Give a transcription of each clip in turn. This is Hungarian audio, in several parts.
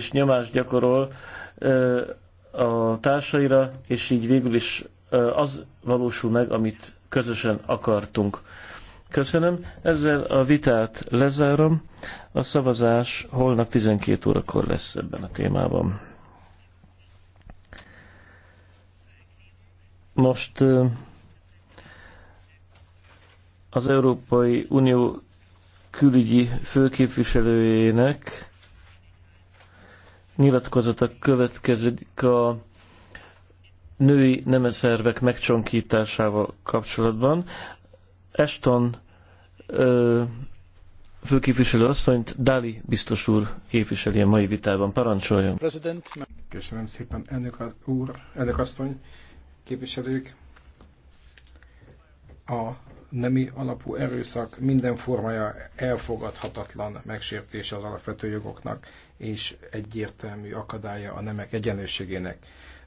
is nyomást gyakorol a társaira, és így végül is az valósul meg, amit közösen akartunk. Köszönöm. Ezzel a vitát lezárom. A szavazás holnap 12 órakor lesz ebben a témában. Most az Európai Unió külügyi főképviselőjének nyilatkozata következik a női nemeszervek megcsonkításával kapcsolatban. Eston ö, főképviselő asszonyt Dali biztos úr képviseli a mai vitában. Parancsoljon! President. Köszönöm szépen, ennek úr, ennek asszony, képviselők. A nemi alapú erőszak minden formája elfogadhatatlan megsértése az alapvető jogoknak, és egyértelmű akadálya a nemek egyenlőségének.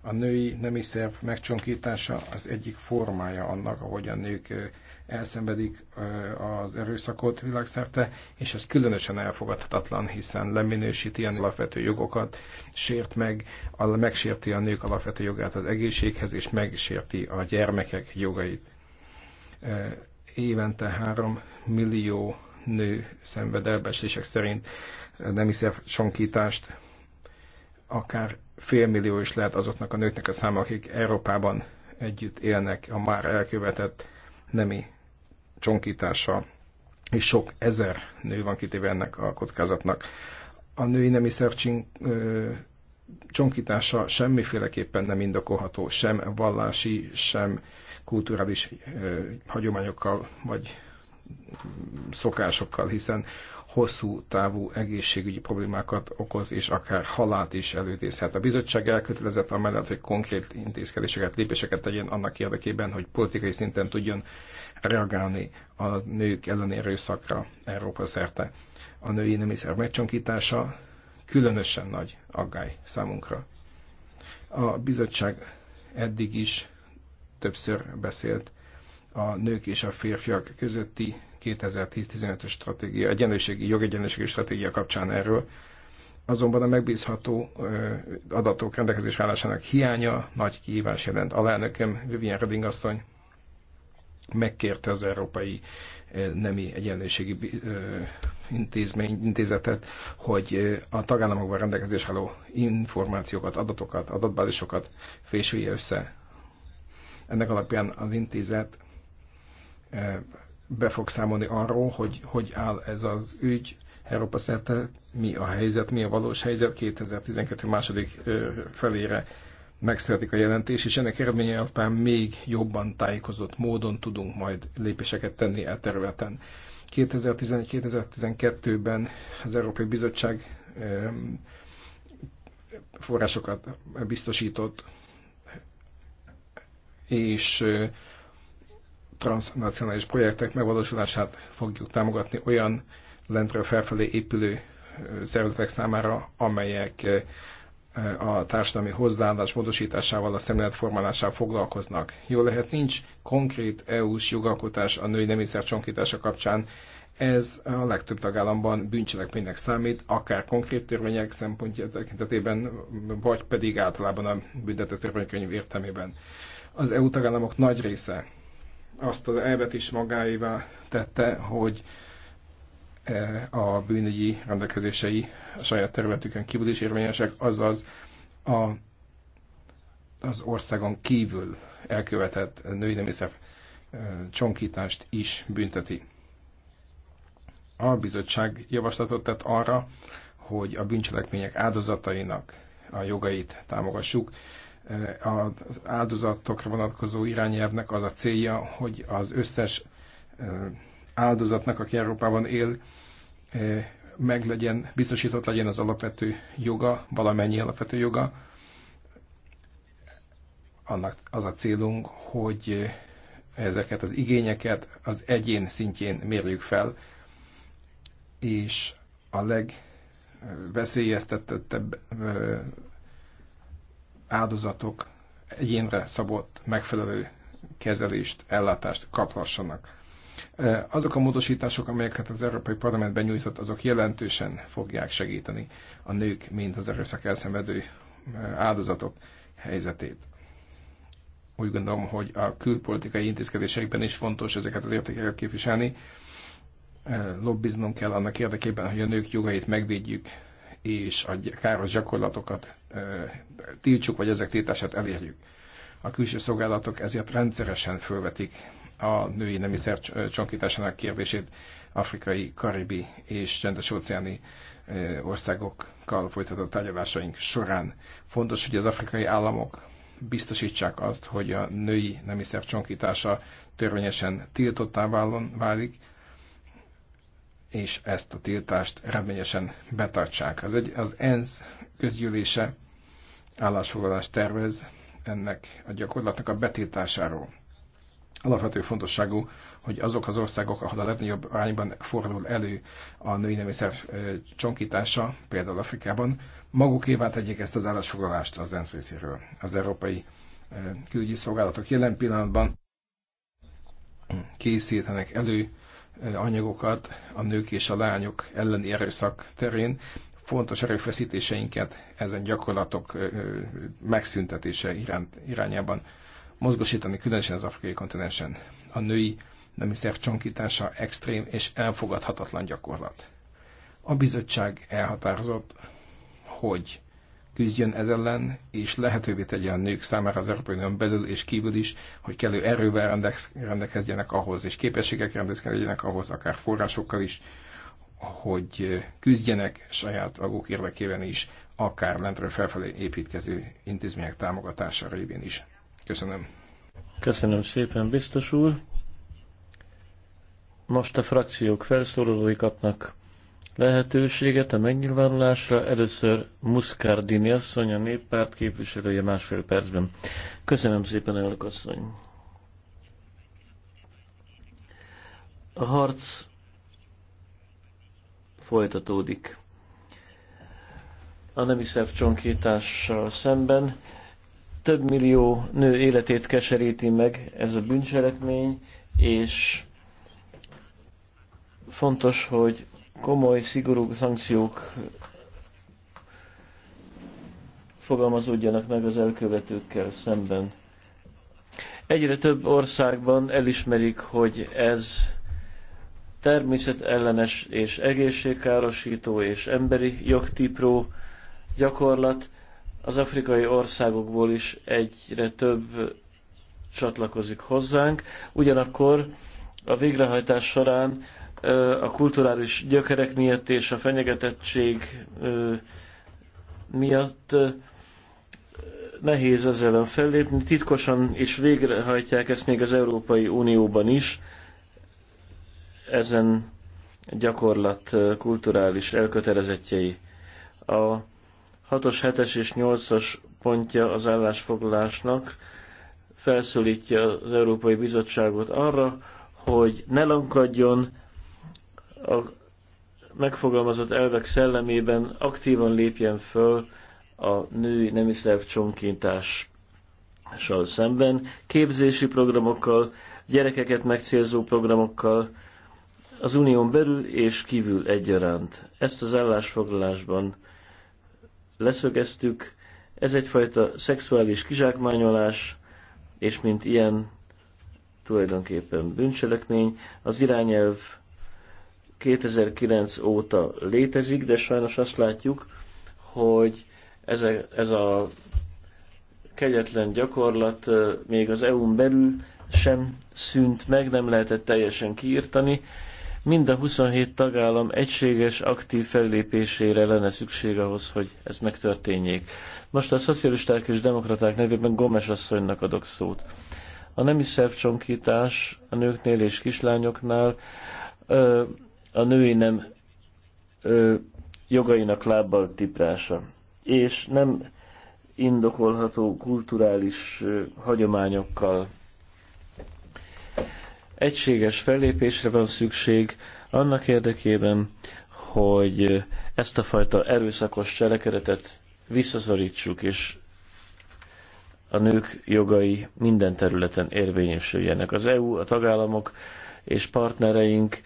A női nemi szerv megcsonkítása az egyik formája annak, ahogy a nők elszenvedik az erőszakot világszerte, és ez különösen elfogadhatatlan, hiszen leminősíti ilyen alapvető jogokat, sért meg, megsérti a nők alapvető jogát az egészséghez, és megsérti a gyermekek jogait évente 3 millió nő szenved elbeslések szerint nemi sonkítást, akár félmillió is lehet azoknak a nőknek a száma, akik Európában együtt élnek a már elkövetett nemi csonkítással, és sok ezer nő van kitéve ennek a kockázatnak. A női nemi szervcsink csonkítása semmiféleképpen nem indokolható, sem vallási, sem kulturális hagyományokkal vagy szokásokkal, hiszen hosszú távú egészségügyi problémákat okoz, és akár halált is előidézhet. A bizottság elkötelezett amellett, hogy konkrét intézkedéseket, lépéseket tegyen annak érdekében, hogy politikai szinten tudjon reagálni a nők elleni erőszakra Európa szerte. A női nemiszer megcsonkítása különösen nagy aggály számunkra. A bizottság eddig is többször beszélt a nők és a férfiak közötti 2010-15-ös stratégia, egyenlőségi, jogegyenlőségi stratégia kapcsán erről. Azonban a megbízható adatok rendelkezés állásának hiánya nagy kihívás jelent. Alelnököm Vivian Reding asszony megkérte az Európai Nemi Egyenlőségi Intézmény, Intézetet, hogy a tagállamokban rendelkezés álló információkat, adatokat, adatbázisokat fésülje össze ennek alapján az intézet eh, be fog számolni arról, hogy hogy áll ez az ügy Európa szerte, mi a helyzet, mi a valós helyzet 2012 második eh, felére megszületik a jelentés, és ennek eredménye alapján még jobban tájékozott módon tudunk majd lépéseket tenni e területen. 2011-2012-ben az Európai Bizottság eh, forrásokat biztosított és transnacionális projektek megvalósulását fogjuk támogatni olyan lentről felfelé épülő szervezetek számára, amelyek a társadalmi hozzáállás módosításával, a szemléletformálásával foglalkoznak. Jó lehet, nincs konkrét EU-s jogalkotás a női nemiszer csonkítása kapcsán, ez a legtöbb tagállamban bűncselekménynek számít, akár konkrét törvények szempontja tekintetében, vagy pedig általában a büntető törvénykönyv értelmében az EU tagállamok nagy része azt az elvet is magáévá tette, hogy e, a bűnügyi rendelkezései a saját területükön kívül is érvényesek, azaz a, az országon kívül elkövetett női nemészek e, csonkítást is bünteti. A bizottság javaslatot tett arra, hogy a bűncselekmények áldozatainak a jogait támogassuk, Eh, az áldozatokra vonatkozó irányelvnek az a célja, hogy az összes eh, áldozatnak, aki Európában él, eh, meg legyen, biztosított legyen az alapvető joga, valamennyi alapvető joga. Annak az a célunk, hogy ezeket az igényeket az egyén szintjén mérjük fel, és a legveszélyeztetettebb áldozatok egyénre szabott megfelelő kezelést, ellátást kaphassanak. Azok a módosítások, amelyeket az Európai Parlament benyújtott, azok jelentősen fogják segíteni a nők, mint az erőszak elszenvedő áldozatok helyzetét. Úgy gondolom, hogy a külpolitikai intézkedésekben is fontos ezeket az értékeket képviselni. Lobbiznunk kell annak érdekében, hogy a nők jogait megvédjük, és a káros gyakorlatokat tiltsuk, vagy ezek tiltását elérjük. A külső szolgálatok ezért rendszeresen fölvetik a női nemi csonkításának kérdését afrikai, karibi és csendes óceáni országokkal folytatott tárgyalásaink során. Fontos, hogy az afrikai államok biztosítsák azt, hogy a női nemi csonkítása törvényesen tiltottá válik, és ezt a tiltást reményesen betartsák. Az, egy, az ENSZ közgyűlése állásfoglalást tervez ennek a gyakorlatnak a betiltásáról. Alapvető fontosságú, hogy azok az országok, ahol a legnagyobb arányban fordul elő a női nemiszer csonkítása, például Afrikában, magukévá tegyék ezt az állásfoglalást az ENSZ részéről. Az Európai Külügyi Szolgálatok jelen pillanatban készítenek elő Eh, anyagokat a nők és a lányok elleni erőszak terén. Fontos erőfeszítéseinket ezen gyakorlatok eh, eh, megszüntetése iránt, irányában mozgosítani, különösen az afrikai kontinensen. A női nemi szerv csonkítása extrém és elfogadhatatlan gyakorlat. A bizottság elhatározott, hogy küzdjön ez ellen, és lehetővé tegye a nők számára az Európai Unión belül és kívül is, hogy kellő erővel rendelkezjenek ahhoz, és képességek rendelkezjenek ahhoz, akár forrásokkal is, hogy küzdjenek saját maguk érdekében is, akár lentről felfelé építkező intézmények támogatása révén is. Köszönöm. Köszönöm szépen, biztos úr. Most a frakciók felszólalói kapnak lehetőséget a megnyilvánulásra. Először Muscardini asszony, a néppárt képviselője másfél percben. Köszönöm szépen, elnök asszony. A harc folytatódik. A nemi szervcsonkítással szemben több millió nő életét keseríti meg ez a bűncselekmény, és fontos, hogy komoly, szigorú szankciók fogalmazódjanak meg az elkövetőkkel szemben. Egyre több országban elismerik, hogy ez természetellenes és egészségkárosító és emberi jogtipró gyakorlat. Az afrikai országokból is egyre több csatlakozik hozzánk. Ugyanakkor a végrehajtás során a kulturális gyökerek miatt és a fenyegetettség miatt nehéz ezzel ellen fellépni. Titkosan és végrehajtják ezt még az Európai Unióban is, ezen gyakorlat kulturális elkötelezettjei. A 6-os, 7-es és 8-as pontja az állásfoglalásnak felszólítja az Európai Bizottságot arra, hogy ne lankadjon, a megfogalmazott elvek szellemében aktívan lépjen föl a női nemi szerv csonkítással szemben, képzési programokkal, gyerekeket megcélzó programokkal, az unión belül és kívül egyaránt. Ezt az állásfoglalásban leszögeztük, ez egyfajta szexuális kizsákmányolás, és mint ilyen tulajdonképpen bűncselekmény, az irányelv 2009 óta létezik, de sajnos azt látjuk, hogy ez a, ez a kegyetlen gyakorlat még az EU-n belül sem szűnt meg, nem lehetett teljesen kiirtani. Mind a 27 tagállam egységes, aktív fellépésére lenne szükség ahhoz, hogy ez megtörténjék. Most a szocialisták és demokraták nevében Gomes asszonynak adok szót. A nemi szervcsonkítás a nőknél és kislányoknál a női nem ö, jogainak lábbal tiprása, és nem indokolható kulturális ö, hagyományokkal. Egységes fellépésre van szükség annak érdekében, hogy ezt a fajta erőszakos cselekedetet visszaszorítsuk, és a nők jogai minden területen érvényesüljenek. Az EU, a tagállamok és partnereink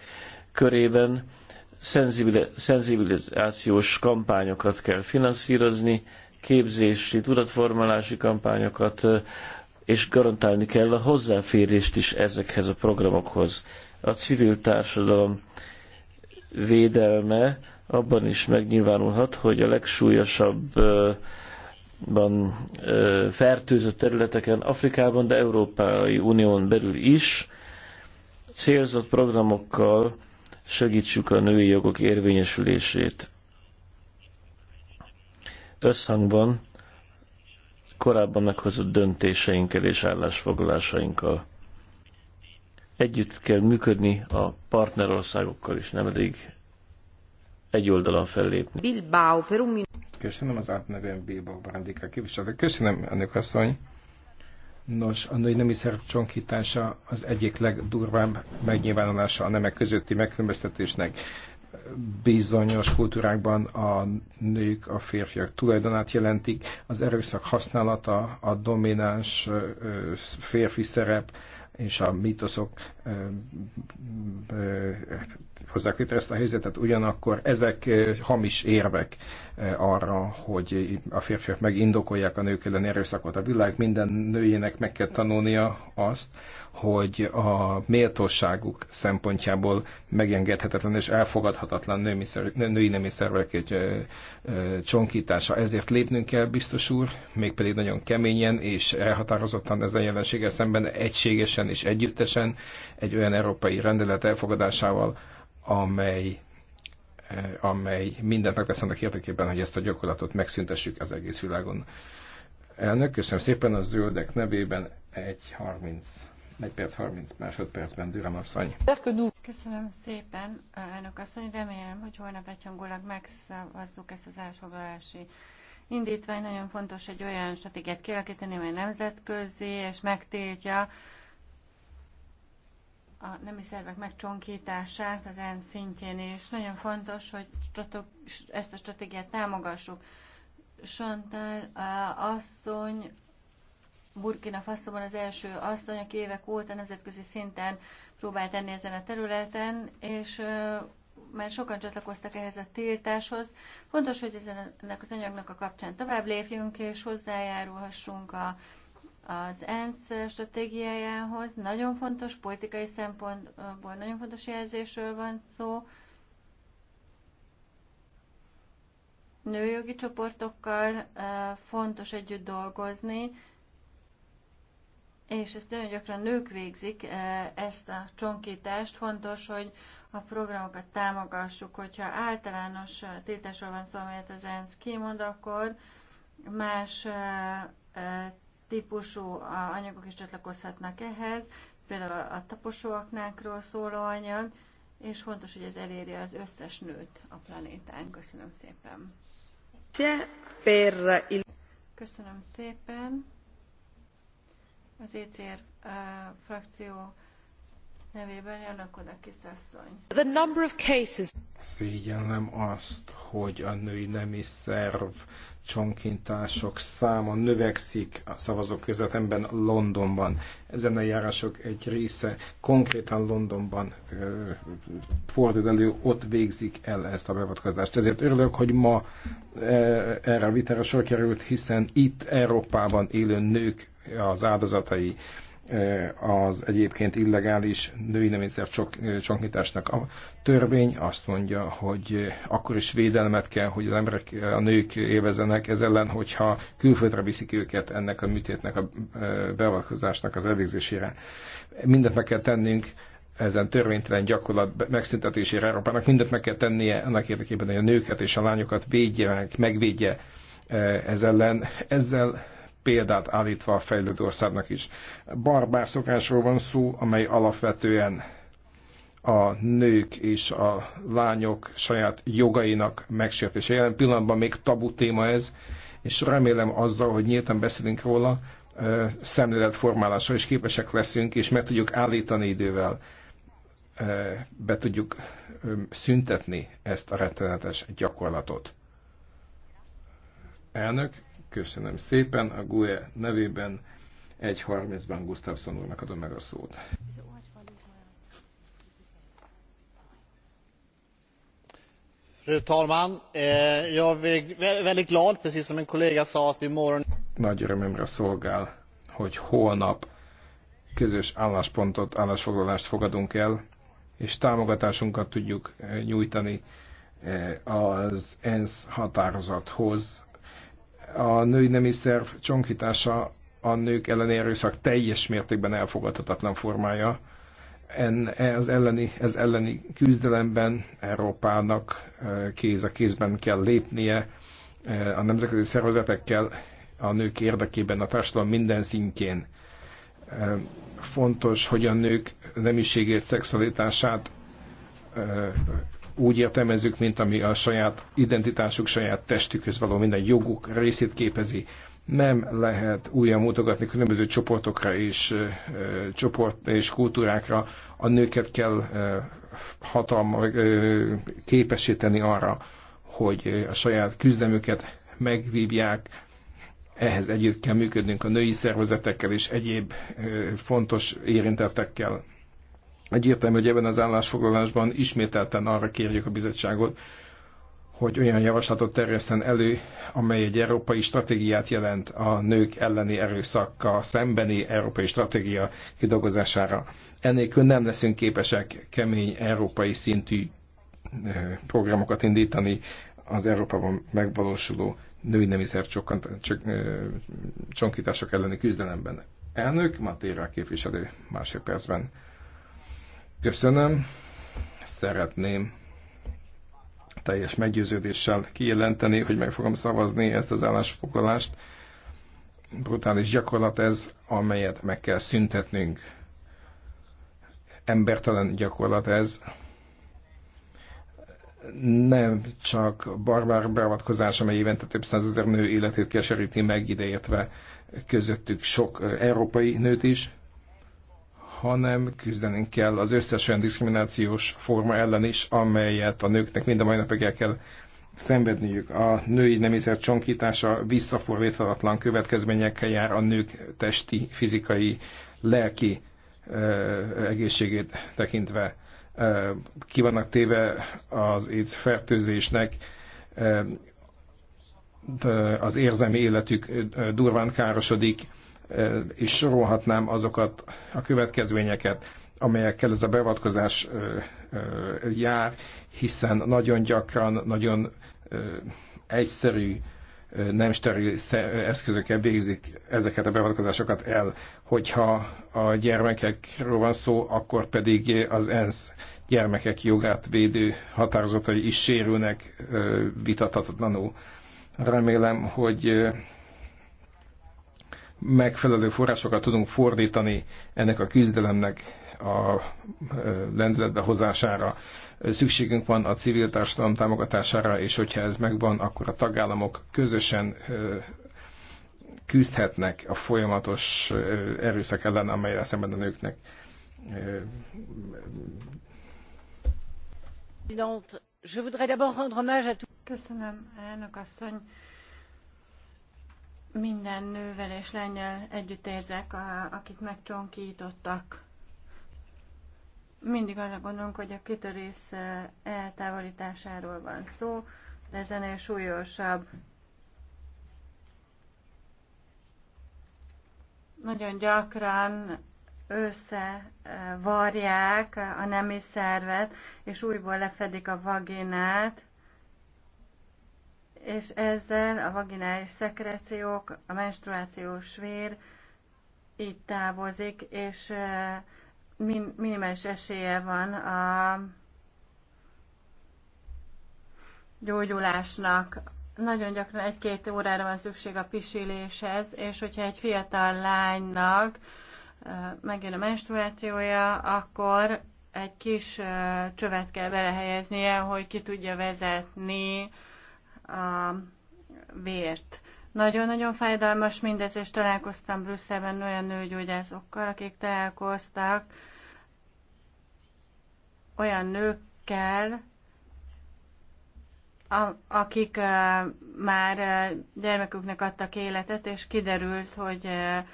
körében szenzibilizációs kampányokat kell finanszírozni, képzési, tudatformálási kampányokat, és garantálni kell a hozzáférést is ezekhez a programokhoz. A civil társadalom védelme abban is megnyilvánulhat, hogy a legsúlyosabban fertőzött területeken, Afrikában, de Európai Unión belül is célzott programokkal segítsük a női jogok érvényesülését. Összhangban korábban meghozott döntéseinkkel és állásfoglalásainkkal. Együtt kell működni a partnerországokkal is, nem elég egy oldalon fellépni. Bilbao, Köszönöm az átnevén Bilbao Brandika képviselő. Köszönöm, Önök asszony. Nos, a női nemi szerv csonkítása az egyik legdurvább megnyilvánulása a nemek közötti megkülönböztetésnek. Bizonyos kultúrákban a nők a férfiak tulajdonát jelentik, az erőszak használata, a domináns férfi szerep, és a mítoszok hozzák létre ezt a helyzetet, ugyanakkor ezek hamis érvek arra, hogy a férfiak megindokolják a nők ellen erőszakot. A világ minden nőjének meg kell tanulnia azt, hogy a méltóságuk szempontjából megengedhetetlen és elfogadhatatlan női, női nemi szervek egy ö, ö, csonkítása. Ezért lépnünk kell, biztos úr, mégpedig nagyon keményen és elhatározottan ezen jelenséggel szemben egységesen és együttesen egy olyan európai rendelet elfogadásával, amely amely mindent megtesz annak érdekében, hogy ezt a gyakorlatot megszüntessük az egész világon. Elnök, köszönöm szépen a zöldek nevében egy 30 1 perc 30 másodpercben, Dürem asszony. Köszönöm szépen, elnök asszony. Remélem, hogy holnap egyhangulag megszavazzuk ezt az elfoglalási indítvány. Nagyon fontos egy olyan stratégiát kialakítani, amely nemzetközi, és megtiltja a nemi szervek megcsonkítását az ENSZ szintjén, és nagyon fontos, hogy ezt a stratégiát támogassuk. Chantal eh, asszony Burkina Faszóban az első asszony, aki évek óta nemzetközi szinten próbált tenni ezen a területen, és már sokan csatlakoztak ehhez a tiltáshoz. Fontos, hogy ennek az anyagnak a kapcsán tovább lépjünk, és hozzájárulhassunk a, az ENSZ stratégiájához. Nagyon fontos, politikai szempontból nagyon fontos jelzésről van szó. Nőjogi csoportokkal fontos együtt dolgozni, és ezt nagyon gyakran nők végzik, e, ezt a csonkítást. Fontos, hogy a programokat támogassuk, hogyha általános e, tiltásról van szó, amelyet az ENSZ kimond, akkor más e, típusú anyagok is csatlakozhatnak ehhez, például a taposóaknákról szóló anyag, és fontos, hogy ez eléri az összes nőt a planétán. Köszönöm szépen. Köszönöm szépen. Az ECR uh, frakció nevében jönnek oda kisasszony. The number of cases... Szégyellem azt, hogy a női nemi szerv csonkintások száma növekszik a szavazók közvetemben Londonban. Ezen a járások egy része konkrétan Londonban uh, fordul elő, ott végzik el ezt a beavatkozást. Ezért örülök, hogy ma uh, erre a vitára sor került, hiszen itt Európában élő nők az áldozatai az egyébként illegális női nemiszer csonkításnak a törvény azt mondja, hogy akkor is védelmet kell, hogy az emberek, a nők élvezenek ez ellen, hogyha külföldre viszik őket ennek a műtétnek, a beavatkozásnak az elvégzésére. Mindent meg kell tennünk, ezen törvénytelen gyakorlat megszüntetésére Európának mindent meg kell tennie annak érdekében, hogy a nőket és a lányokat védje meg, megvédje ez ellen. Ezzel példát állítva a fejlődő országnak is. Barbár szokásról van szó, amely alapvetően a nők és a lányok saját jogainak megsértése. Jelen pillanatban még tabu téma ez, és remélem azzal, hogy nyíltan beszélünk róla, szemléletformálásra is képesek leszünk, és meg tudjuk állítani idővel, be tudjuk szüntetni ezt a rettenetes gyakorlatot. Elnök, Köszönöm szépen. A GUE nevében 1.30-ban Gustafsson úrnak adom meg a szót. Fru talman! Eh, jag är väldigt glad, precis som en kollega sa, att vi imorgon... Nagy örömömre szolgál, hogy holnap közös álláspontot, állásfoglalást fogadunk el, és támogatásunkat tudjuk eh, nyújtani eh, az ENSZ határozathoz, a női nemi szerv csonkítása a nők elleni erőszak teljes mértékben elfogadhatatlan formája. En, ez, elleni, ez elleni küzdelemben Európának kéz a kézben kell lépnie a nemzetközi szervezetekkel a nők érdekében a társadalom minden szintjén. Fontos, hogy a nők nemiségét, szexualitását úgy értelmezzük, mint ami a saját identitásuk, saját testükhöz való minden joguk részét képezi. Nem lehet újra mutogatni különböző csoportokra és, csoport és kultúrákra. A nőket kell ö, hatalma, képesíteni arra, hogy a saját küzdemüket megvívják, ehhez együtt kell működnünk a női szervezetekkel és egyéb fontos érintettekkel. Egyértelmű, hogy ebben az állásfoglalásban ismételten arra kérjük a bizottságot, hogy olyan javaslatot terjeszten elő, amely egy európai stratégiát jelent a nők elleni erőszakkal szembeni európai stratégia kidolgozására. Ennélkül nem leszünk képesek kemény európai szintű programokat indítani az Európában megvalósuló női nemi csonkítások elleni küzdelemben. Elnök, Matéra képviselő másik percben. Köszönöm. Szeretném teljes meggyőződéssel kijelenteni, hogy meg fogom szavazni ezt az állásfoglalást. Brutális gyakorlat ez, amelyet meg kell szüntetnünk. Embertelen gyakorlat ez. Nem csak barbár beavatkozás, amely évente több százezer nő életét keseríti meg, ideértve közöttük sok európai nőt is, hanem küzdenünk kell az összes olyan diszkriminációs forma ellen is, amelyet a nőknek mind a mai napig el kell szenvedniük. A női nemizer csonkítása visszafordíthatatlan következményekkel jár a nők testi, fizikai, lelki egészségét tekintve. Ki vannak téve az AIDS fertőzésnek, az érzelmi életük durván károsodik, és sorolhatnám azokat a következményeket, amelyekkel ez a beavatkozás jár, hiszen nagyon gyakran, nagyon egyszerű, nem steril eszközökkel végzik ezeket a beavatkozásokat el. Hogyha a gyermekekről van szó, akkor pedig az ENSZ gyermekek jogát védő határozatai is sérülnek vitathatatlanul. Remélem, hogy megfelelő forrásokat tudunk fordítani ennek a küzdelemnek a lendületbe hozására. Szükségünk van a civil társadalom támogatására, és hogyha ez megvan, akkor a tagállamok közösen küzdhetnek a folyamatos erőszak ellen, amelyre szemben a nőknek Köszönöm, elnök asszony minden nővel és lányjal együtt érzek, a, akit megcsonkítottak. Mindig arra gondolunk, hogy a klitorisz eltávolításáról van szó, de ez ennél súlyosabb. Nagyon gyakran összevarják a nemi szervet, és újból lefedik a vaginát, és ezzel a vaginális szekreciók, a menstruációs vér így távozik, és minimális esélye van a gyógyulásnak. Nagyon gyakran egy-két órára van szükség a pisiléshez, és hogyha egy fiatal lánynak megjön a menstruációja, akkor egy kis csövet kell belehelyeznie, hogy ki tudja vezetni a vért. Nagyon-nagyon fájdalmas mindez, és találkoztam Brüsszelben olyan nőgyógyászokkal, akik találkoztak olyan nőkkel, a, akik uh, már uh, gyermeküknek adtak életet, és kiderült, hogy uh,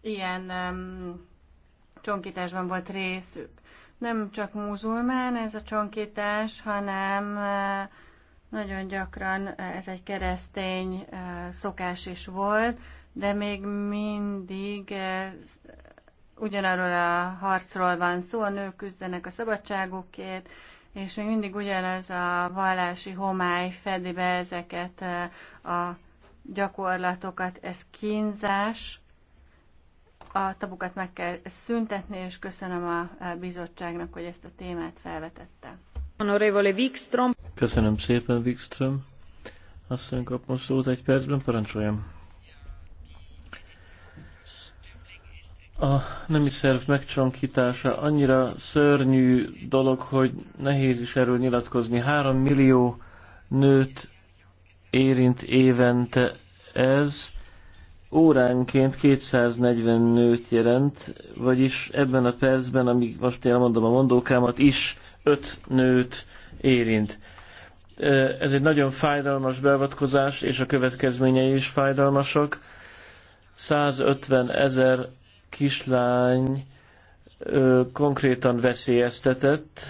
ilyen um, csonkításban volt részük nem csak muzulmán ez a csonkítás, hanem eh, nagyon gyakran eh, ez egy keresztény eh, szokás is volt, de még mindig ugyanarról a harcról van szó, a nők küzdenek a szabadságukért, és még mindig ugyanaz a vallási homály fedi be ezeket a gyakorlatokat, ez kínzás, a tabukat meg kell szüntetni, és köszönöm a bizottságnak, hogy ezt a témát felvetette. Honorevole Wikström. Köszönöm szépen, Wikström. Asszony kap most szót egy percben, parancsoljam. A nemi szerv megcsonkítása annyira szörnyű dolog, hogy nehéz is erről nyilatkozni. Három millió nőt érint évente ez, óránként 240 nőt jelent, vagyis ebben a percben, amíg most mondom a mondókámat, is 5 nőt érint. Ez egy nagyon fájdalmas beavatkozás, és a következményei is fájdalmasak. 150 ezer kislány konkrétan veszélyeztetett,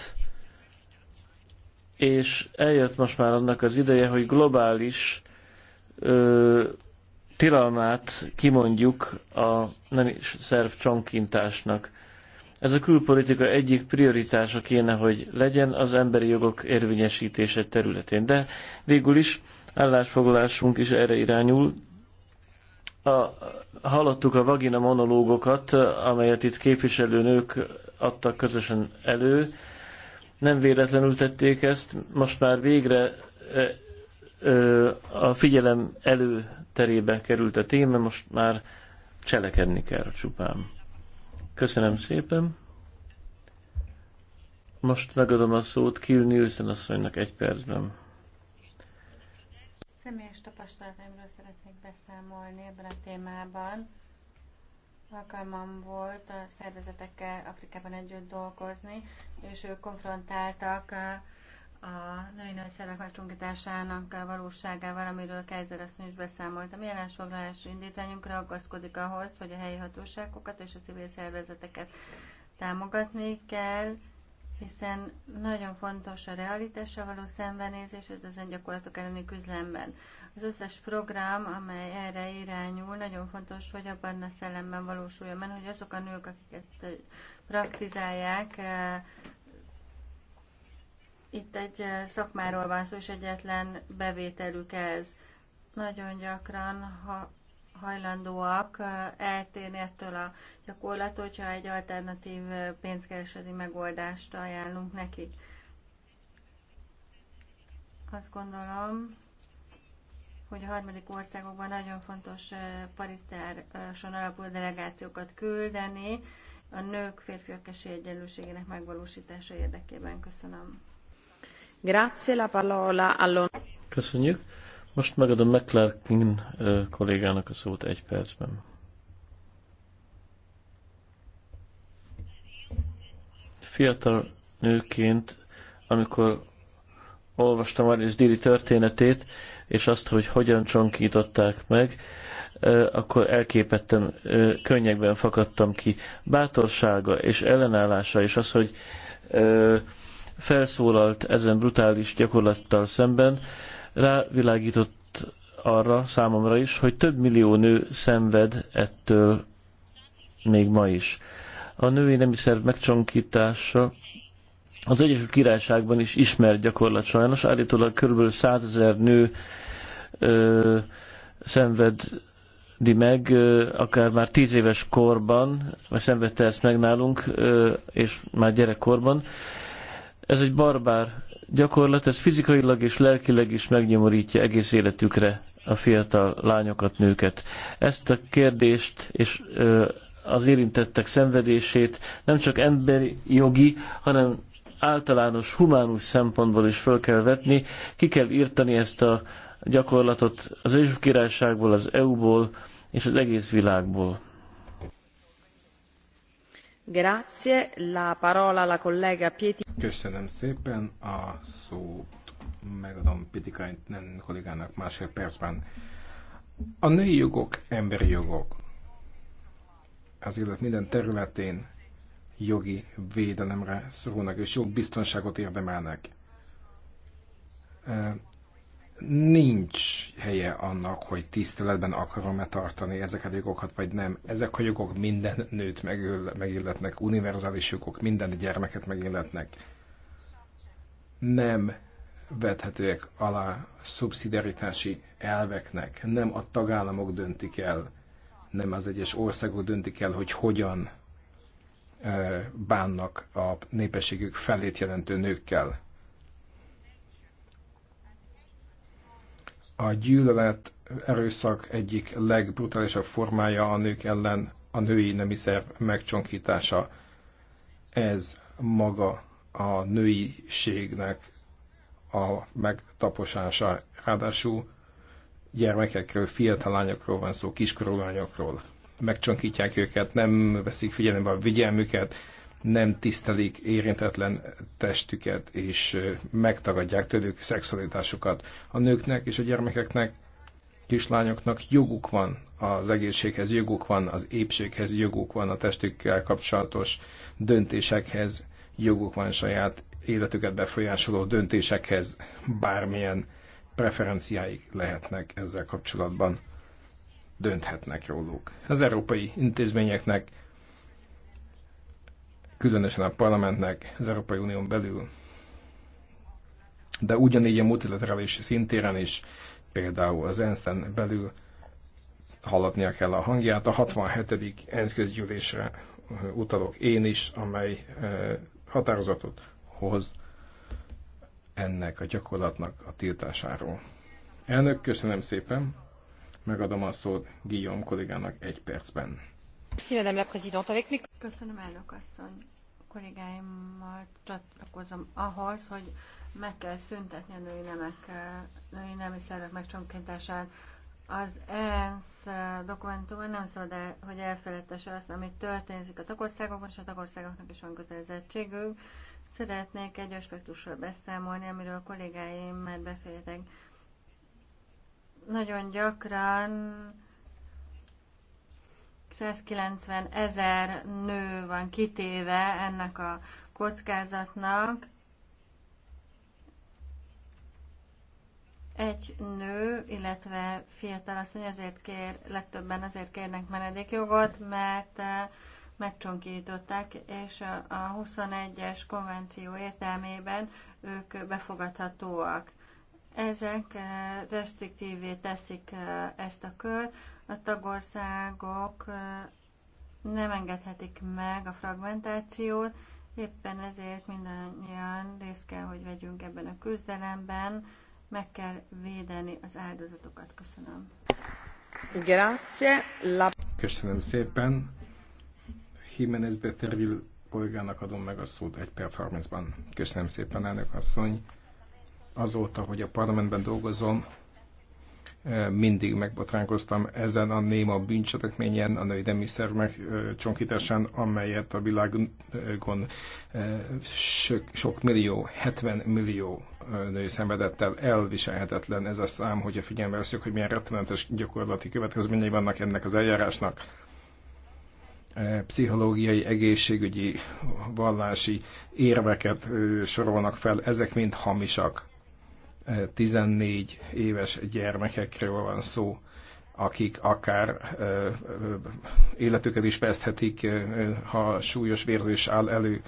és eljött most már annak az ideje, hogy globális tilalmát kimondjuk a nem is szerv csonkintásnak. Ez a külpolitika egyik prioritása kéne, hogy legyen az emberi jogok érvényesítése területén. De végül is állásfoglalásunk is erre irányul. A, hallottuk a vagina monológokat, amelyet itt képviselőnők adtak közösen elő. Nem véletlenül tették ezt, most már végre eh, a figyelem előterébe került a téma, most már cselekedni kell csupán. Köszönöm szépen. Most megadom a szót Kill Nielsen asszonynak egy percben. Személyes tapasztalataimról szeretnék beszámolni ebben a témában. Alkalmam volt a szervezetekkel Afrikában együtt dolgozni, és ők konfrontáltak a a női nagyszervek megcsunkításának a valóságával, amiről a Kaiser asszony is beszámolt. A mi állásfoglalás indítványunkra aggaszkodik ahhoz, hogy a helyi hatóságokat és a civil szervezeteket támogatni kell, hiszen nagyon fontos a realitásra való szembenézés ez az gyakorlatok elleni küzdelemben. Az összes program, amely erre irányul, nagyon fontos, hogy abban a szellemben valósuljon, mert hogy azok a nők, akik ezt praktizálják, itt egy eh, szakmáról van szó, és egyetlen bevételük ez. Nagyon gyakran ha hajlandóak eh, eltérni ettől a gyakorlat, hogyha egy alternatív eh, pénzkereseti megoldást ajánlunk nekik. Azt gondolom, hogy a harmadik országokban nagyon fontos paritárson alapuló delegációkat küldeni a nők férfiak esélyegyenlőségének megvalósítása érdekében. Köszönöm. Köszönjük. Most megadom McClarkin eh, kollégának a szót egy percben. Fiatal nőként, amikor olvastam Alice Diri történetét, és azt, hogy hogyan csonkították meg, eh, akkor elképettem, eh, könnyekben fakadtam ki. Bátorsága és ellenállása, és az, hogy felszólalt ezen brutális gyakorlattal szemben, rávilágított arra számomra is, hogy több millió nő szenved ettől még ma is. A női nemi szerv megcsonkítása az Egyesült Királyságban is ismert gyakorlat sajnos, állítólag kb. 100 ezer nő ö, szenvedi meg, ö, akár már 10 éves korban, vagy szenvedte ezt meg nálunk, ö, és már gyerekkorban. Ö, ez egy barbár gyakorlat, ez fizikailag és lelkileg is megnyomorítja egész életükre a fiatal lányokat, nőket. Ezt a kérdést és az érintettek szenvedését nem csak emberi jogi, hanem általános humánus szempontból is fel kell vetni, ki kell írtani ezt a gyakorlatot az Egyesült Királyságból, az EU-ból és az egész világból. Grazie. La parola la collega Pieti. Köszönöm szépen a szót. Megadom Pitikainen kollégának másfél percben. A női jogok emberi jogok. Az élet minden területén jogi védelemre szorulnak, és jogbiztonságot érdemelnek. Nincs helye annak, hogy tiszteletben akarom-e tartani ezeket a jogokat, vagy nem. Ezek a jogok minden nőt megilletnek, univerzális jogok minden gyermeket megilletnek nem vethetőek alá szubszidiaritási elveknek. Nem a tagállamok döntik el, nem az egyes országok döntik el, hogy hogyan bánnak a népességük felét jelentő nőkkel. A gyűlölet erőszak egyik legbrutálisabb formája a nők ellen a női nemiszer megcsonkítása. Ez maga a nőiségnek a megtaposása. Ráadásul gyermekekről, fiatal lányokról van szó, kiskorú lányokról. Megcsonkítják őket, nem veszik figyelembe a vigyelmüket, nem tisztelik érintetlen testüket, és megtagadják tőlük szexualitásukat. A nőknek és a gyermekeknek, kislányoknak joguk van az egészséghez, joguk van az épséghez, joguk van a testükkel kapcsolatos döntésekhez, joguk van saját életüket befolyásoló döntésekhez, bármilyen preferenciáik lehetnek ezzel kapcsolatban, dönthetnek róluk. Az európai intézményeknek, különösen a parlamentnek, az Európai Unión belül, de ugyanígy a multilaterális szintéren is, például az ensz belül hallatnia kell a hangját. A 67. ENSZ közgyűlésre utalok én is, amely eh, határozatot hoz ennek a gyakorlatnak a tiltásáról. Elnök, köszönöm szépen, megadom a szót Guillaume kollégának egy percben. Köszönöm, elnök asszony. A kollégáimmal csatlakozom ahhoz, hogy meg kell szüntetni a női, nemek, női nemi szervek megcsonkítását az ENSZ dokumentumban nem szabad, el, hogy elfeledtesse azt, amit történik a tagországokban, és a tagországoknak is van kötelezettségük. Szeretnék egy aspektusról beszámolni, amiről a kollégáim már befejeztek. Nagyon gyakran 190 ezer nő van kitéve ennek a kockázatnak, egy nő, illetve fiatal asszony azért kér, legtöbben azért kérnek menedékjogot, mert eh, megcsonkították, és a 21-es konvenció értelmében ők befogadhatóak. Ezek eh, restriktívé teszik eh, ezt a kör. A tagországok nem engedhetik meg a fragmentációt, éppen ezért mindannyian részt kell, hogy vegyünk ebben a küzdelemben, meg kell védeni az áldozatokat. Köszönöm. Grazie. La... Köszönöm szépen. Jiménez Beteril kollégának adom meg a szót 1 perc 30-ban. Köszönöm szépen, elnök asszony. Azóta, hogy a parlamentben dolgozom, eh, mindig megbotránkoztam ezen a néma bűncselekményen, a női demiszer megcsonkításán, amelyet a világon eh, eh, sok millió, 70 millió női szenvedettel elviselhetetlen ez a szám, hogyha figyelme veszük, hogy milyen rettenetes gyakorlati következményei vannak ennek az eljárásnak. E, pszichológiai, egészségügyi, vallási érveket sorolnak fel, ezek mind hamisak. 14 e, éves gyermekekről van szó, akik akár életüket is veszthetik, ha súlyos vérzés áll elő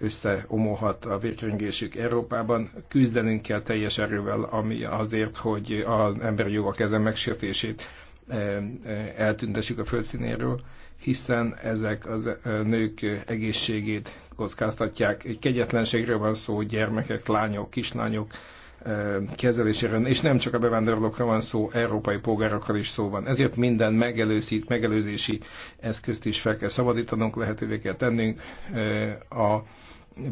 összeomolhat a vérkeringésük Európában. Küzdenünk kell teljes erővel ami azért, hogy az emberi jogok ezen megsértését eh, eh, eltüntessük a földszínéről, hiszen ezek az eh, nők egészségét kockáztatják. Egy kegyetlenségről van szó, gyermekek, lányok, kislányok, kezelésére, és nem csak a bevándorlókra van szó, európai polgárokkal is szó van. Ezért minden megelőzít, megelőzési eszközt is fel kell szabadítanunk, lehetővé kell tennünk a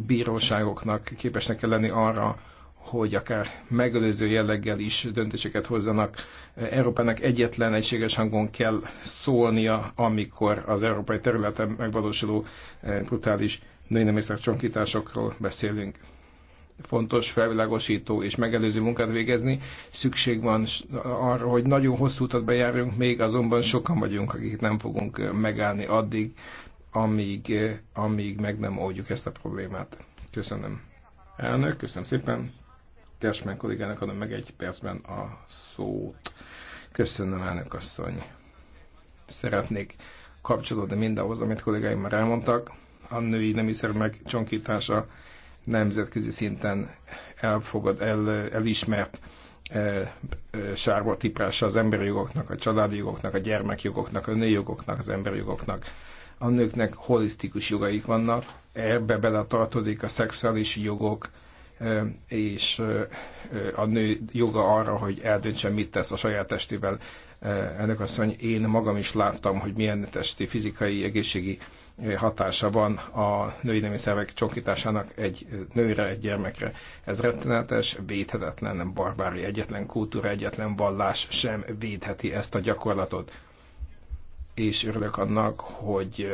bíróságoknak képesnek kell lenni arra, hogy akár megelőző jelleggel is döntéseket hozzanak. Európának egyetlen egységes hangon kell szólnia, amikor az európai területen megvalósuló brutális női csonkításokról beszélünk fontos felvilágosító és megelőző munkát végezni. Szükség van arra, hogy nagyon hosszú utat bejárjunk, még azonban sokan vagyunk, akik nem fogunk megállni addig, amíg, amíg meg nem oldjuk ezt a problémát. Köszönöm. Elnök, köszönöm szépen. Kersmen kollégának adom meg egy percben a szót. Köszönöm, elnök asszony. Szeretnék kapcsolódni mindahhoz, amit kollégáim már elmondtak. A női nemiszer megcsonkítása nemzetközi szinten elfogad, el, elismert e, e, sárba tiprása az emberi jogoknak, a családi jogoknak, a gyermekjogoknak, a nőjogoknak, az emberi jogoknak. A nőknek holisztikus jogaik vannak, ebbe bele tartozik a szexuális jogok, e, és e, a nő joga arra, hogy eldöntse, mit tesz a saját testével, Eh, elnök asszony, én magam is láttam, hogy milyen testi, fizikai, egészségi eh, hatása van a női nemi szervek csonkításának egy eh, nőre, egy gyermekre. Ez rettenetes, védhetetlen, nem barbári, egyetlen kultúra, egyetlen vallás sem védheti ezt a gyakorlatot. És örülök annak, hogy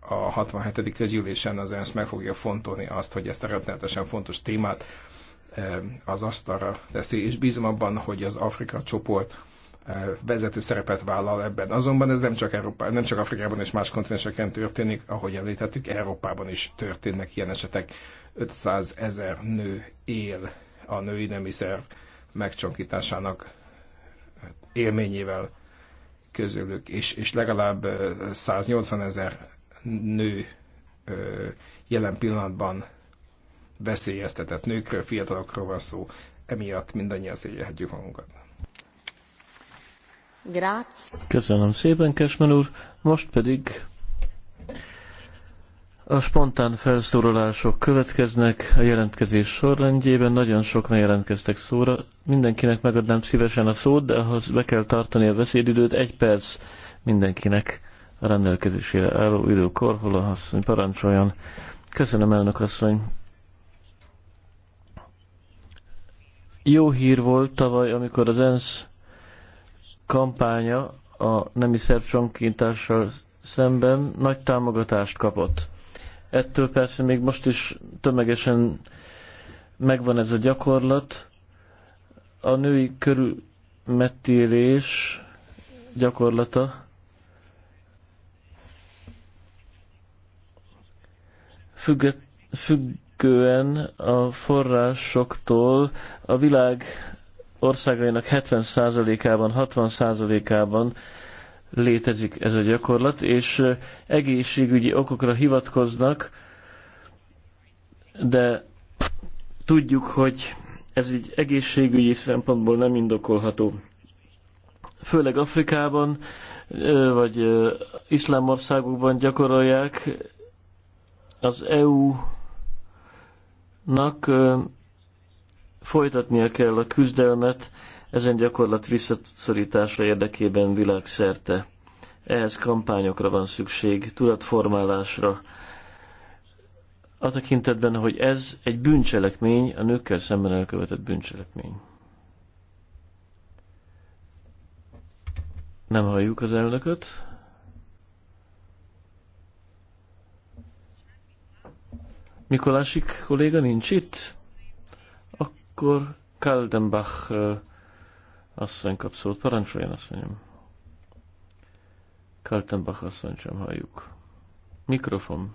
a 67. közgyűlésen az ENSZ meg fogja fontolni azt, hogy ezt a rettenetesen fontos témát az asztalra teszi, és bízom abban, hogy az Afrika csoport E, vezető szerepet vállal ebben. Azonban ez nem csak, Európa, nem csak Afrikában és más kontinenseken történik, ahogy említettük, Európában is történnek ilyen esetek. 500 ezer nő él a női nemi szerv megcsonkításának élményével közülük, és, és legalább 180 e, ezer nő e, jelen pillanatban veszélyeztetett nőkről, fiatalokról van szó, emiatt mindannyian szégyelhetjük magunkat. Grácz. Köszönöm szépen, Kesmen úr. Most pedig a spontán felszólalások következnek a jelentkezés sorrendjében. Nagyon sokan jelentkeztek szóra. Mindenkinek megadnám szívesen a szót, de ahhoz be kell tartani a beszédidőt. Egy perc mindenkinek a rendelkezésére álló időkor, hol a asszony parancsoljon. Köszönöm, elnök asszony. Jó hír volt tavaly, amikor az ENSZ kampánya a nemi szervcsonkítással szemben nagy támogatást kapott. Ettől persze még most is tömegesen megvan ez a gyakorlat. A női körülmetélés gyakorlata függ, függően a forrásoktól a világ országainak 70%-ában, 60%-ában létezik ez a gyakorlat, és egészségügyi okokra hivatkoznak, de tudjuk, hogy ez egy egészségügyi szempontból nem indokolható. Főleg Afrikában, vagy iszlám országokban gyakorolják az EU-nak folytatnia kell a küzdelmet ezen gyakorlat visszaszorítása érdekében világszerte. Ehhez kampányokra van szükség, tudatformálásra, a tekintetben, hogy ez egy bűncselekmény, a nőkkel szemben elkövetett bűncselekmény. Nem halljuk az elnököt. Mikolásik kolléga nincs itt? Akkor Kaldenbach asszony kap Parancsoljon, asszonyom. Kaltenbach asszony sem halljuk. Mikrofon.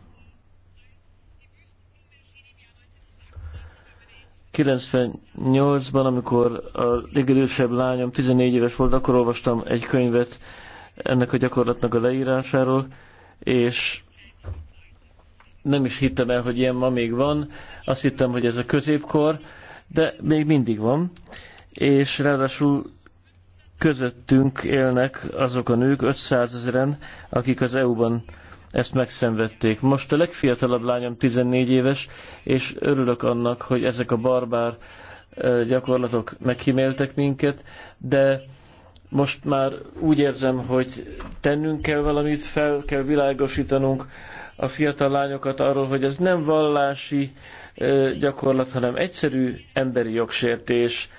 98-ban, amikor a legidősebb lányom 14 éves volt, akkor olvastam egy könyvet ennek a gyakorlatnak a leírásáról, és nem is hittem el, hogy ilyen ma még van. Azt hittem, hogy ez a középkor, de még mindig van, és ráadásul közöttünk élnek azok a nők, 500 ezeren, akik az EU-ban ezt megszenvedték. Most a legfiatalabb lányom 14 éves, és örülök annak, hogy ezek a barbár gyakorlatok meghiméltek minket, de most már úgy érzem, hogy tennünk kell valamit, fel kell világosítanunk a fiatal lányokat arról, hogy ez nem vallási gyakorlat, hanem egyszerű emberi jogsértés.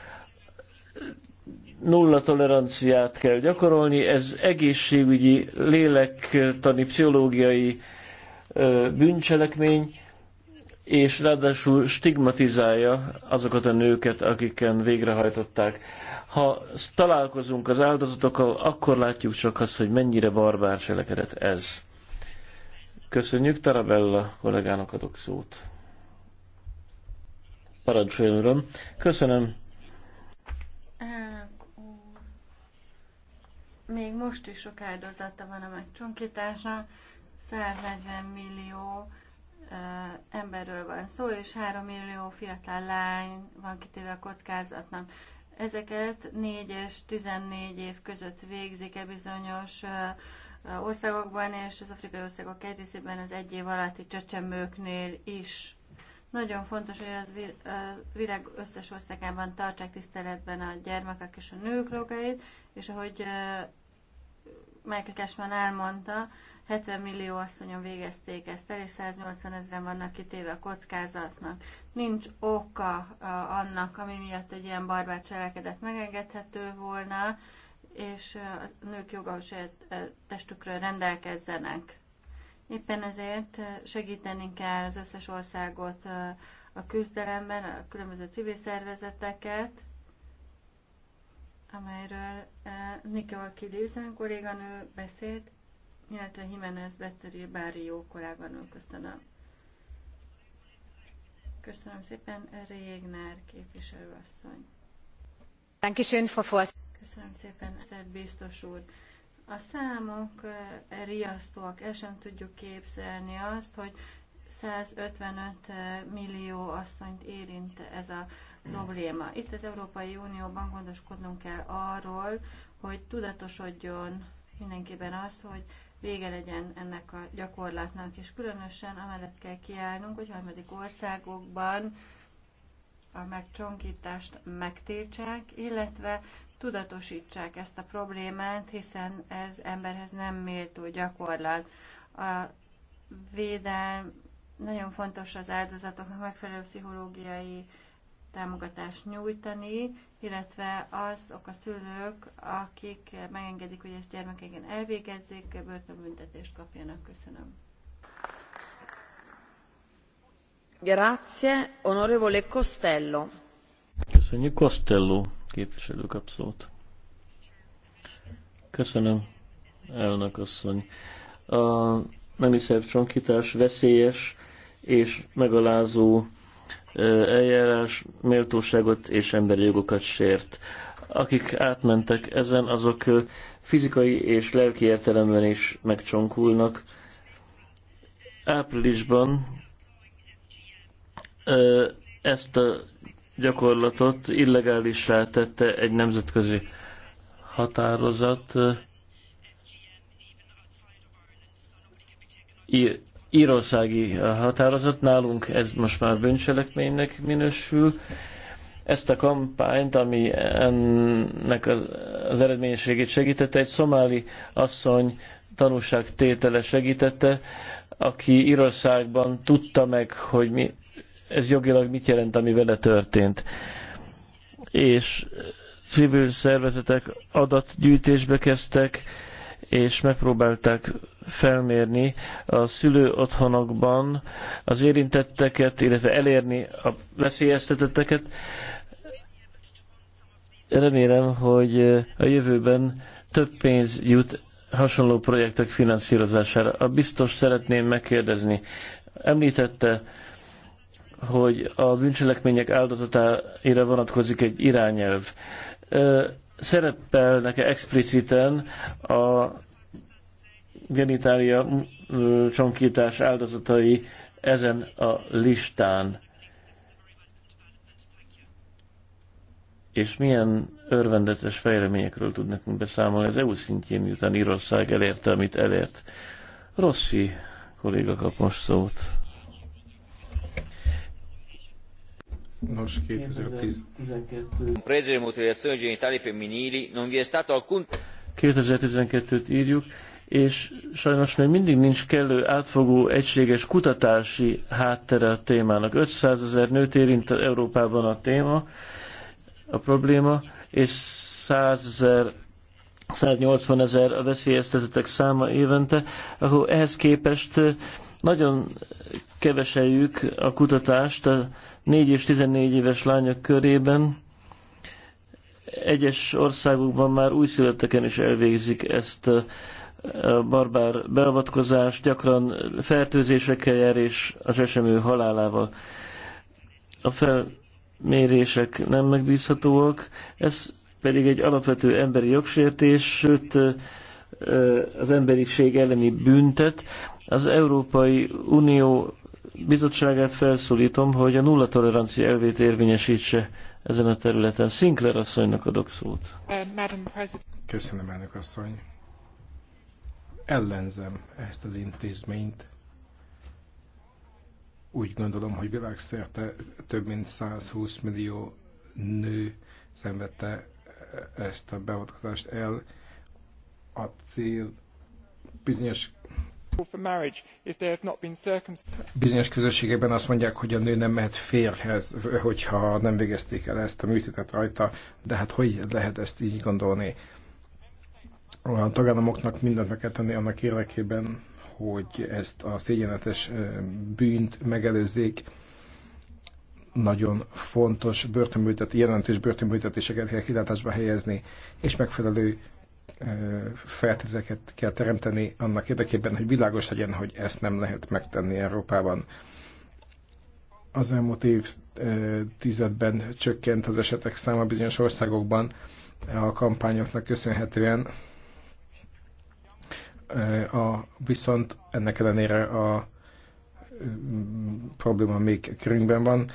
Nulla toleranciát kell gyakorolni, ez egészségügyi, lélektani, pszichológiai bűncselekmény, és ráadásul stigmatizálja azokat a nőket, akiken végrehajtották. Ha találkozunk az áldozatokkal, akkor látjuk csak azt, hogy mennyire barbár cselekedet ez. Köszönjük, Tarabella kollégának adok szót. Parancsoljon, uram. Köszönöm. Elnök úr, még most is sok áldozata van a megcsonkításnak. 140 millió emberről van szó, és 3 millió fiatal lány van kitéve a kockázatnak. Ezeket 4 és 14 év között végzik-e bizonyos uh, országokban és az afrikai országok egy részében az egy év alatti csecsemőknél is. Nagyon fontos, hogy a világ összes országában tartsák tiszteletben a gyermekek és a nők jogait, és ahogy Michael Cashman elmondta, 70 millió asszonyon végezték ezt el, és 180 ezeren vannak kitéve a kockázatnak. Nincs oka annak, ami miatt egy ilyen barbár cselekedet megengedhető volna, és a nők joga, hogy saját testükről rendelkezzenek. Éppen ezért segíteni kell az összes országot a küzdelemben, a különböző civil szervezeteket, amelyről Nikol Kilizán kolléganő beszélt, illetve Jimenez Beceri Bárió kolléganő. Köszönöm. Köszönöm szépen, Régnár képviselőasszony. Dankeschön, Frau Köszönöm szépen, Szert biztos úr. A számok riasztóak, el sem tudjuk képzelni azt, hogy 155 millió asszonyt érint ez a probléma. Itt az Európai Unióban gondoskodnunk kell arról, hogy tudatosodjon mindenkiben az, hogy vége legyen ennek a gyakorlatnak, és különösen amellett kell kiállnunk, hogy harmadik országokban a megcsonkítást megtiltsák, illetve tudatosítsák ezt a problémát, hiszen ez emberhez nem méltó gyakorlat. A védelm nagyon fontos az áldozatoknak megfelelő pszichológiai támogatást nyújtani, illetve azok a szülők, akik megengedik, hogy ezt gyermekeken elvégezzék, börtönbüntetést kapjanak. Köszönöm. Grazie, onorevole Costello. Köszönjük, Costello képviselő kap szót. Köszönöm, elnök asszony. A memiszerv csonkítás veszélyes és megalázó eljárás méltóságot és emberi jogokat sért. Akik átmentek ezen, azok fizikai és lelki értelemben is megcsonkulnak. Áprilisban ezt a gyakorlatot illegális tette egy nemzetközi határozat. írországi határozat, nálunk ez most már bűncselekménynek minősül. Ezt a kampányt, ami ennek az, az eredményességét segítette, egy szomáli asszony tanúságtétele segítette, aki Írországban tudta meg, hogy mi ez jogilag mit jelent, ami vele történt. És civil szervezetek adatgyűjtésbe kezdtek, és megpróbálták felmérni a szülő otthonokban az érintetteket, illetve elérni a veszélyeztetetteket. Remélem, hogy a jövőben több pénz jut hasonló projektek finanszírozására. A biztos szeretném megkérdezni. Említette hogy a bűncselekmények áldozatára vonatkozik egy irányelv. Szerepelnek-e expliciten a genitália csonkítás áldozatai ezen a listán? És milyen örvendetes fejleményekről tud nekünk beszámolni az EU szintjén, miután Írország elérte, amit elért. Rossi kolléga kap most szót. Nos, 2012. 2012-t írjuk, és sajnos még mindig nincs kellő átfogó egységes kutatási háttere a témának. 500 ezer nőt érint Európában a téma, a probléma, és 100 ezer 180 ezer a veszélyeztetettek száma évente, akkor ehhez képest nagyon keveseljük a kutatást a 4 és 14 éves lányok körében. Egyes országokban már újszülötteken is elvégzik ezt a barbár beavatkozást, gyakran fertőzésekkel jár és az esemő halálával. A felmérések nem megbízhatóak, ez pedig egy alapvető emberi jogsértés, sőt az emberiség elleni büntet. Az Európai Unió bizottságát felszólítom, hogy a nulla tolerancia elvét érvényesítse ezen a területen. Sinclair asszonynak adok szót. Köszönöm, elnök asszony. Ellenzem ezt az intézményt. Úgy gondolom, hogy világszerte több mint 120 millió nő szenvedte ezt a beavatkozást el a cél bizonyos Bizonyos közösségekben azt mondják, hogy a nő nem mehet férhez, hogyha nem végezték el ezt a műtétet rajta, de hát hogy lehet ezt így gondolni? A tagállamoknak mindent meg kell tenni annak érdekében, hogy ezt a szégyenletes bűnt megelőzzék. Nagyon fontos börtönbüntet, jelentős börtönbüntetéseket kell kilátásba helyezni, és megfelelő feltételeket kell teremteni annak érdekében, hogy világos legyen, hogy ezt nem lehet megtenni Európában. Az elmúlt tizedben csökkent az esetek száma bizonyos országokban a kampányoknak köszönhetően. A, viszont ennek ellenére a mm, probléma még körünkben van.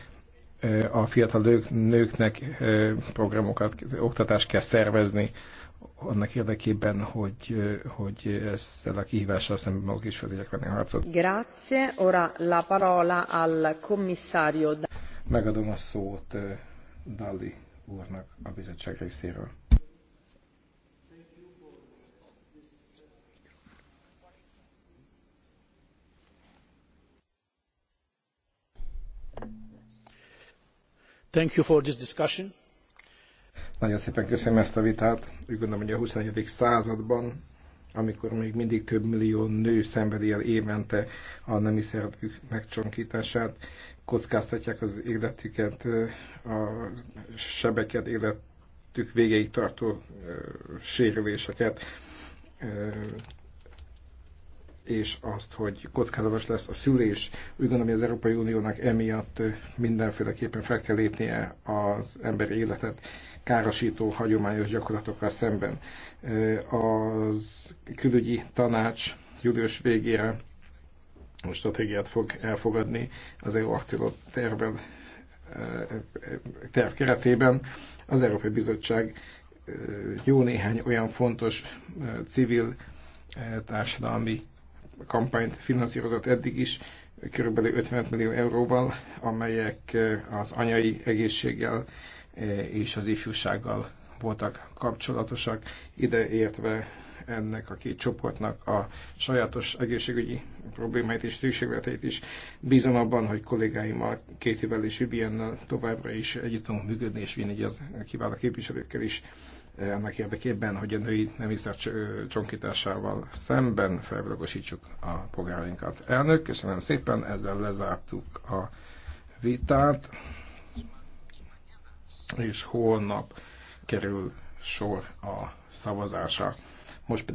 A fiatal nőknek programokat, oktatást kell szervezni annak érdekében, hogy, hogy ezzel a kihívással szemben maguk is fel venni a harcot. Grazie, ora la parola al commissario. Megadom a szót eh, Dali úrnak a bizottság részéről. Thank you for this discussion. Nagyon szépen köszönöm ezt a vitát. Úgy gondolom, hogy a 21. században, amikor még mindig több millió nő szenvedi el évente a nemi szervük megcsonkítását, kockáztatják az életüket, a sebeket, életük végéig tartó sérüléseket, és azt, hogy kockázatos lesz a szülés. Úgy gondolom, hogy az Európai Uniónak emiatt mindenféleképpen fel kell lépnie az emberi életet károsító hagyományos gyakorlatokkal szemben. A külügyi tanács július végére most stratégiát fog elfogadni az EU akció tervben, terv keretében. Az Európai Bizottság jó néhány olyan fontos civil társadalmi kampányt finanszírozott eddig is, kb. 50 millió euróval, amelyek az anyai egészséggel, Eh, és az ifjúsággal voltak kapcsolatosak, ideértve ennek a két csoportnak a sajátos egészségügyi problémáit és szükségleteit is. Bízom abban, hogy kollégáimmal két évvel és Vivian-nal továbbra is együtt tudunk működni, és vinni az kiváló képviselőkkel is eh, annak érdekében, hogy a női nemiszer eh, csonkításával szemben felvilágosítsuk a polgárainkat. Elnök, köszönöm szépen, ezzel lezártuk a vitát és holnap kerül sor a szavazása. Most pedig